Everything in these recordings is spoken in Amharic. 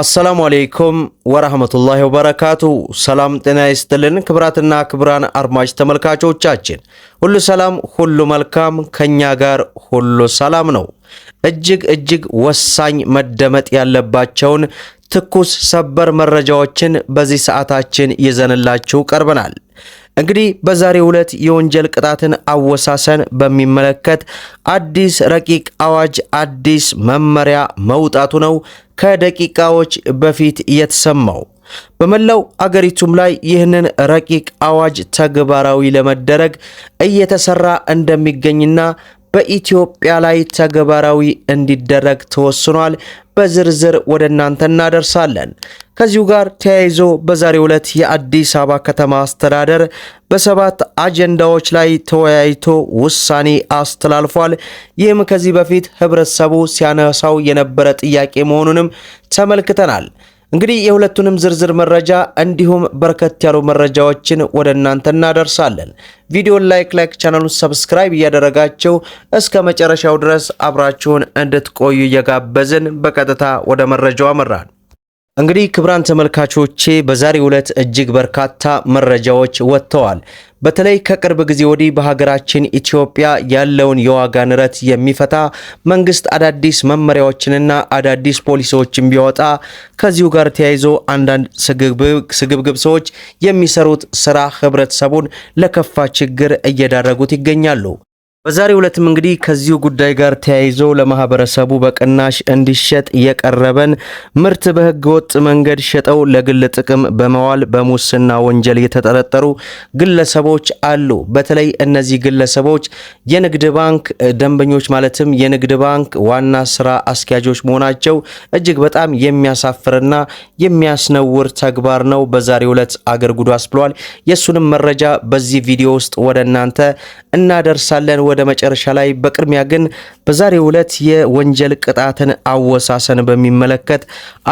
አሰላሙ አሌይኩም ወረህመቱላሂ ወበረካቱ። ሰላም ጤና ይስጥልን። ክብራትና ክብራን አድማጭ ተመልካቾቻችን ሁሉ ሰላም፣ ሁሉ መልካም፣ ከእኛ ጋር ሁሉ ሰላም ነው። እጅግ እጅግ ወሳኝ መደመጥ ያለባቸውን ትኩስ ሰበር መረጃዎችን በዚህ ሰዓታችን ይዘንላችሁ ቀርበናል። እንግዲህ በዛሬው ዕለት የወንጀል ቅጣትን አወሳሰን በሚመለከት አዲስ ረቂቅ አዋጅ አዲስ መመሪያ መውጣቱ ነው ከደቂቃዎች በፊት የተሰማው። በመላው አገሪቱም ላይ ይህንን ረቂቅ አዋጅ ተግባራዊ ለመደረግ እየተሰራ እንደሚገኝና በኢትዮጵያ ላይ ተግባራዊ እንዲደረግ ተወስኗል። በዝርዝር ወደ እናንተ እናደርሳለን። ከዚሁ ጋር ተያይዞ በዛሬው ዕለት የአዲስ አበባ ከተማ አስተዳደር በሰባት አጀንዳዎች ላይ ተወያይቶ ውሳኔ አስተላልፏል። ይህም ከዚህ በፊት ህብረተሰቡ ሲያነሳው የነበረ ጥያቄ መሆኑንም ተመልክተናል። እንግዲህ የሁለቱንም ዝርዝር መረጃ እንዲሁም በርከት ያሉ መረጃዎችን ወደ እናንተ እናደርሳለን። ቪዲዮን ላይክ ላይክ ቻናሉን ሰብስክራይብ እያደረጋችሁ እስከ መጨረሻው ድረስ አብራችሁን እንድትቆዩ እየጋበዝን በቀጥታ ወደ መረጃው አመራን። እንግዲህ ክብራን ተመልካቾቼ በዛሬው ዕለት እጅግ በርካታ መረጃዎች ወጥተዋል። በተለይ ከቅርብ ጊዜ ወዲህ በሀገራችን ኢትዮጵያ ያለውን የዋጋ ንረት የሚፈታ መንግስት አዳዲስ መመሪያዎችንና አዳዲስ ፖሊሲዎችን ቢወጣ ከዚሁ ጋር ተያይዞ አንዳንድ ስግብግብ ሰዎች የሚሰሩት ስራ ህብረተሰቡን ለከፋ ችግር እየዳረጉት ይገኛሉ። በዛሬ ዕለትም እንግዲህ ከዚሁ ጉዳይ ጋር ተያይዞ ለማህበረሰቡ በቅናሽ እንዲሸጥ የቀረበን ምርት በህገወጥ መንገድ ሸጠው ለግል ጥቅም በመዋል በሙስና ወንጀል የተጠረጠሩ ግለሰቦች አሉ። በተለይ እነዚህ ግለሰቦች የንግድ ባንክ ደንበኞች ማለትም የንግድ ባንክ ዋና ስራ አስኪያጆች መሆናቸው እጅግ በጣም የሚያሳፍርና የሚያስነውር ተግባር ነው። በዛሬ ዕለት አገር ጉዳስ ብሏል። የእሱንም መረጃ በዚህ ቪዲዮ ውስጥ ወደ እናንተ እናደርሳለን። ወደ መጨረሻ ላይ። በቅድሚያ ግን በዛሬው ዕለት የወንጀል ቅጣትን አወሳሰን በሚመለከት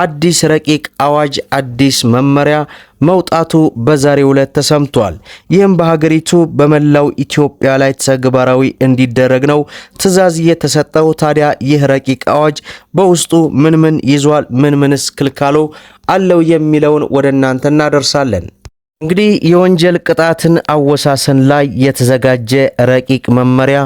አዲስ ረቂቅ አዋጅ አዲስ መመሪያ መውጣቱ በዛሬው ዕለት ተሰምቷል። ይህም በሀገሪቱ በመላው ኢትዮጵያ ላይ ተግባራዊ እንዲደረግ ነው ትዕዛዝ የተሰጠው። ታዲያ ይህ ረቂቅ አዋጅ በውስጡ ምን ምን ይዟል፣ ምን ምንስ ክልካሎ አለው የሚለውን ወደ እናንተ እናደርሳለን። እንግዲህ የወንጀል ቅጣትን አወሳሰን ላይ የተዘጋጀ ረቂቅ መመሪያ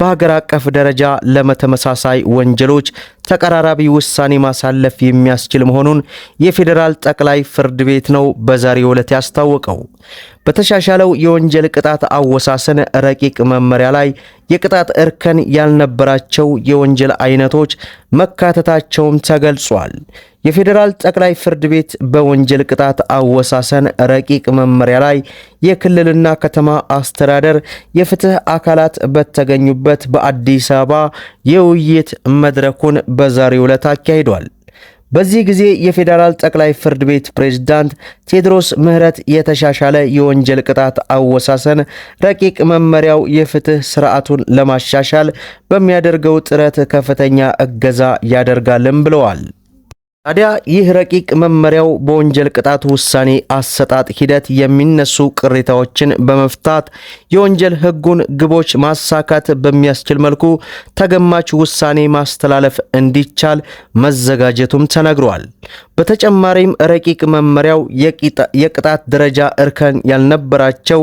በሀገር አቀፍ ደረጃ ለመተመሳሳይ ወንጀሎች ተቀራራቢ ውሳኔ ማሳለፍ የሚያስችል መሆኑን የፌዴራል ጠቅላይ ፍርድ ቤት ነው በዛሬው ዕለት ያስታወቀው። በተሻሻለው የወንጀል ቅጣት አወሳሰን ረቂቅ መመሪያ ላይ የቅጣት እርከን ያልነበራቸው የወንጀል አይነቶች መካተታቸውም ተገልጿል። የፌዴራል ጠቅላይ ፍርድ ቤት በወንጀል ቅጣት አወሳሰን ረቂቅ መመሪያ ላይ የክልልና ከተማ አስተዳደር የፍትህ አካላት በተገኙበት በአዲስ አበባ የውይይት መድረኩን በዛሬው ዕለት አካሂዷል። በዚህ ጊዜ የፌዴራል ጠቅላይ ፍርድ ቤት ፕሬዝዳንት ቴዎድሮስ ምህረት የተሻሻለ የወንጀል ቅጣት አወሳሰን ረቂቅ መመሪያው የፍትህ ስርዓቱን ለማሻሻል በሚያደርገው ጥረት ከፍተኛ እገዛ ያደርጋልም ብለዋል። ታዲያ ይህ ረቂቅ መመሪያው በወንጀል ቅጣት ውሳኔ አሰጣጥ ሂደት የሚነሱ ቅሬታዎችን በመፍታት የወንጀል ሕጉን ግቦች ማሳካት በሚያስችል መልኩ ተገማች ውሳኔ ማስተላለፍ እንዲቻል መዘጋጀቱም ተነግሯል። በተጨማሪም ረቂቅ መመሪያው የቅጣት ደረጃ እርከን ያልነበራቸው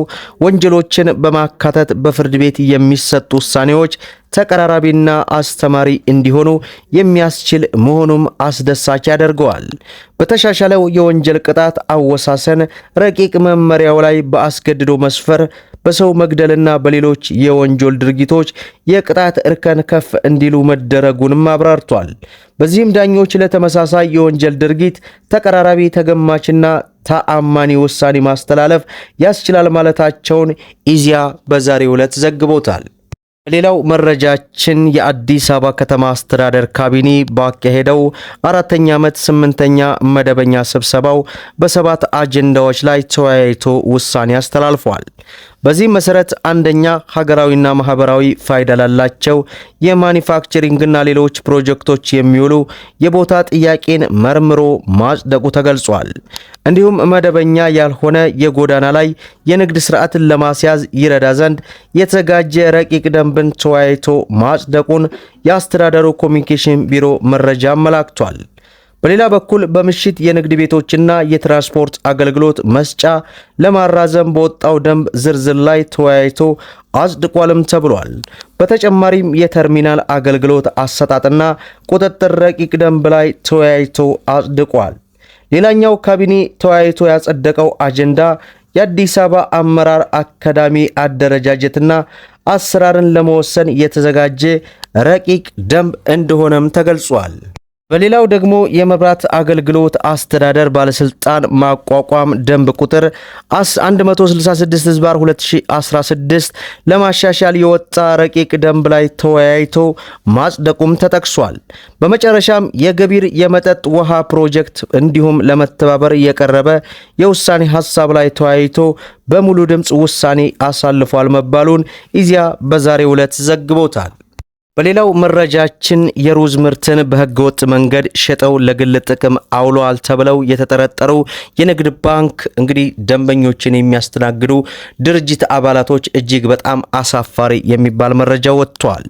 ወንጀሎችን በማካተት በፍርድ ቤት የሚሰጡ ውሳኔዎች ተቀራራቢና አስተማሪ እንዲሆኑ የሚያስችል መሆኑም አስደሳች ያደርገዋል። በተሻሻለው የወንጀል ቅጣት አወሳሰን ረቂቅ መመሪያው ላይ በአስገድዶ መስፈር፣ በሰው መግደልና በሌሎች የወንጀል ድርጊቶች የቅጣት እርከን ከፍ እንዲሉ መደረጉንም አብራርቷል። በዚህም ዳኞች ለተመሳሳይ የወንጀል ድርጊት ተቀራራቢ ተገማችና ተአማኒ ውሳኔ ማስተላለፍ ያስችላል ማለታቸውን ኢዚያ በዛሬው ዕለት ዘግቦታል። ሌላው መረጃችን የአዲስ አበባ ከተማ አስተዳደር ካቢኔ ባካሄደው አራተኛ ዓመት ስምንተኛ መደበኛ ስብሰባው በሰባት አጀንዳዎች ላይ ተወያይቶ ውሳኔ አስተላልፏል። በዚህ መሰረት አንደኛ ሀገራዊና ማህበራዊ ፋይዳ ላላቸው የማኒፋክቸሪንግና ሌሎች ፕሮጀክቶች የሚውሉ የቦታ ጥያቄን መርምሮ ማጽደቁ ተገልጿል። እንዲሁም መደበኛ ያልሆነ የጎዳና ላይ የንግድ ስርዓትን ለማስያዝ ይረዳ ዘንድ የተዘጋጀ ረቂቅ ደንብን ተወያይቶ ማጽደቁን የአስተዳደሩ ኮሚኒኬሽን ቢሮ መረጃ አመላክቷል። በሌላ በኩል በምሽት የንግድ ቤቶችና የትራንስፖርት አገልግሎት መስጫ ለማራዘም በወጣው ደንብ ዝርዝር ላይ ተወያይቶ አጽድቋልም ተብሏል። በተጨማሪም የተርሚናል አገልግሎት አሰጣጥና ቁጥጥር ረቂቅ ደንብ ላይ ተወያይቶ አጽድቋል። ሌላኛው ካቢኔ ተወያይቶ ያጸደቀው አጀንዳ የአዲስ አበባ አመራር አካዳሚ አደረጃጀትና አሰራርን ለመወሰን የተዘጋጀ ረቂቅ ደንብ እንደሆነም ተገልጿል። በሌላው ደግሞ የመብራት አገልግሎት አስተዳደር ባለስልጣን ማቋቋም ደንብ ቁጥር 166 ህዝባር 2016 ለማሻሻል የወጣ ረቂቅ ደንብ ላይ ተወያይቶ ማጽደቁም ተጠቅሷል። በመጨረሻም የገቢር የመጠጥ ውሃ ፕሮጀክት እንዲሁም ለመተባበር የቀረበ የውሳኔ ሀሳብ ላይ ተወያይቶ በሙሉ ድምፅ ውሳኔ አሳልፏል መባሉን እዚያ በዛሬው ዕለት ዘግቦታል። በሌላው መረጃችን የሩዝ ምርትን በህገወጥ መንገድ ሸጠው ለግል ጥቅም አውሏል ተብለው የተጠረጠሩ የንግድ ባንክ እንግዲህ ደንበኞችን የሚያስተናግዱ ድርጅት አባላቶች እጅግ በጣም አሳፋሪ የሚባል መረጃ ወጥቷል።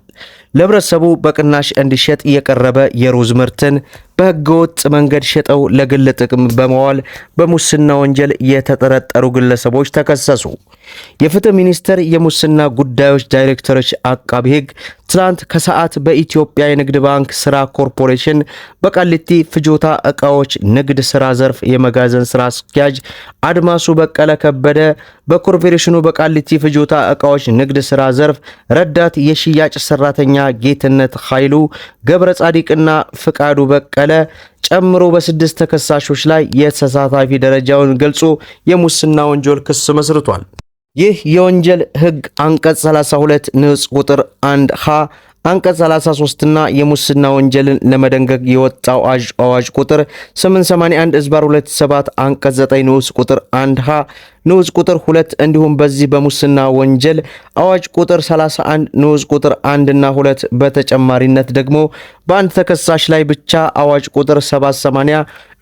ለህብረተሰቡ በቅናሽ እንዲሸጥ የቀረበ የሩዝ ምርትን በህገወጥ መንገድ ሸጠው ለግል ጥቅም በመዋል በሙስና ወንጀል የተጠረጠሩ ግለሰቦች ተከሰሱ። የፍትህ ሚኒስቴር የሙስና ጉዳዮች ዳይሬክተሮች አቃቢ ህግ ትናንት ከሰዓት በኢትዮጵያ የንግድ ባንክ ስራ ኮርፖሬሽን በቃሊቲ ፍጆታ እቃዎች ንግድ ስራ ዘርፍ የመጋዘን ስራ አስኪያጅ አድማሱ በቀለ ከበደ በኮርፖሬሽኑ በቃሊቲ ፍጆታ እቃዎች ንግድ ስራ ዘርፍ ረዳት የሽያጭ ሰራተኛ ጌትነት ኃይሉ ገብረ ጻዲቅና ፍቃዱ በቀለ በቀለ ጨምሮ በስድስት ተከሳሾች ላይ የተሳታፊ ደረጃውን ገልጾ የሙስና ወንጀል ክስ መስርቷል። ይህ የወንጀል ህግ አንቀጽ 32 ንዑስ ቁጥር 1 ሀ አንቀጽ 33 እና የሙስና ወንጀልን ለመደንገግ የወጣው አዋጅ ቁጥር 881 ዝባር 27 አንቀጽ 9 ንዑስ ቁጥር 1 ሀ ንዑስ ቁጥር 2 እንዲሁም በዚህ በሙስና ወንጀል አዋጅ ቁጥር 31 ንዑስ ቁጥር 1 እና 2 በተጨማሪነት ደግሞ በአንድ ተከሳሽ ላይ ብቻ አዋጅ ቁጥር 780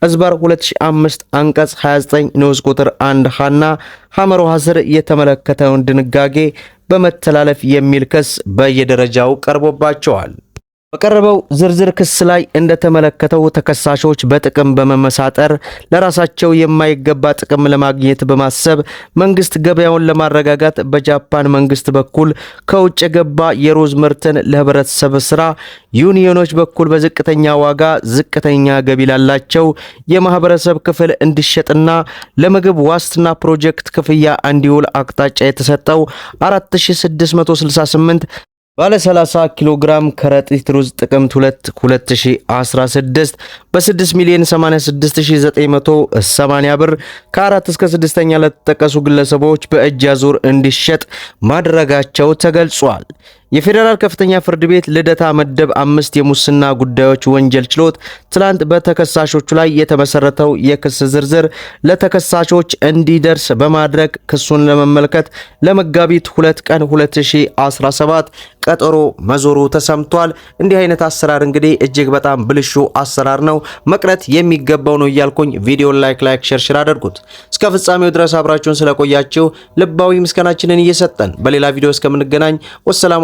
እዝባር 2005 አንቀጽ 29 ንዑስ ቁጥር 1 ሀና ሐመር ስር የተመለከተውን ድንጋጌ በመተላለፍ የሚል ክስ በየደረጃው ቀርቦባቸዋል። በቀረበው ዝርዝር ክስ ላይ እንደተመለከተው ተከሳሾች በጥቅም በመመሳጠር ለራሳቸው የማይገባ ጥቅም ለማግኘት በማሰብ መንግስት ገበያውን ለማረጋጋት በጃፓን መንግስት በኩል ከውጭ የገባ የሩዝ ምርትን ለህብረተሰብ ስራ ዩኒዮኖች በኩል በዝቅተኛ ዋጋ ዝቅተኛ ገቢ ላላቸው የማህበረሰብ ክፍል እንዲሸጥና ለምግብ ዋስትና ፕሮጀክት ክፍያ እንዲውል አቅጣጫ የተሰጠው 4668 ባለ 30 ኪሎ ግራም ከረጢት ሩዝ ጥቅምት 2 2016 በ6 ሚሊዮን 86980 ብር ከ ከ4 እስከ 6ኛ ለተጠቀሱ ግለሰቦች በእጅ አዙር እንዲሸጥ ማድረጋቸው ተገልጿል። የፌዴራል ከፍተኛ ፍርድ ቤት ልደታ መደብ አምስት የሙስና ጉዳዮች ወንጀል ችሎት ትላንት በተከሳሾቹ ላይ የተመሰረተው የክስ ዝርዝር ለተከሳሾች እንዲደርስ በማድረግ ክሱን ለመመልከት ለመጋቢት 2 ቀን 2017 ቀጠሮ መዞሩ ተሰምቷል። እንዲህ አይነት አሰራር እንግዲህ እጅግ በጣም ብልሹ አሰራር ነው፣ መቅረት የሚገባው ነው እያልኩኝ ቪዲዮን ላይክ ላይክ ሸርሽር አድርጉት። እስከ ፍጻሜው ድረስ አብራችሁን ስለቆያችሁ ልባዊ ምስጋናችንን እየሰጠን በሌላ ቪዲዮ እስከምንገናኝ ወሰላሙ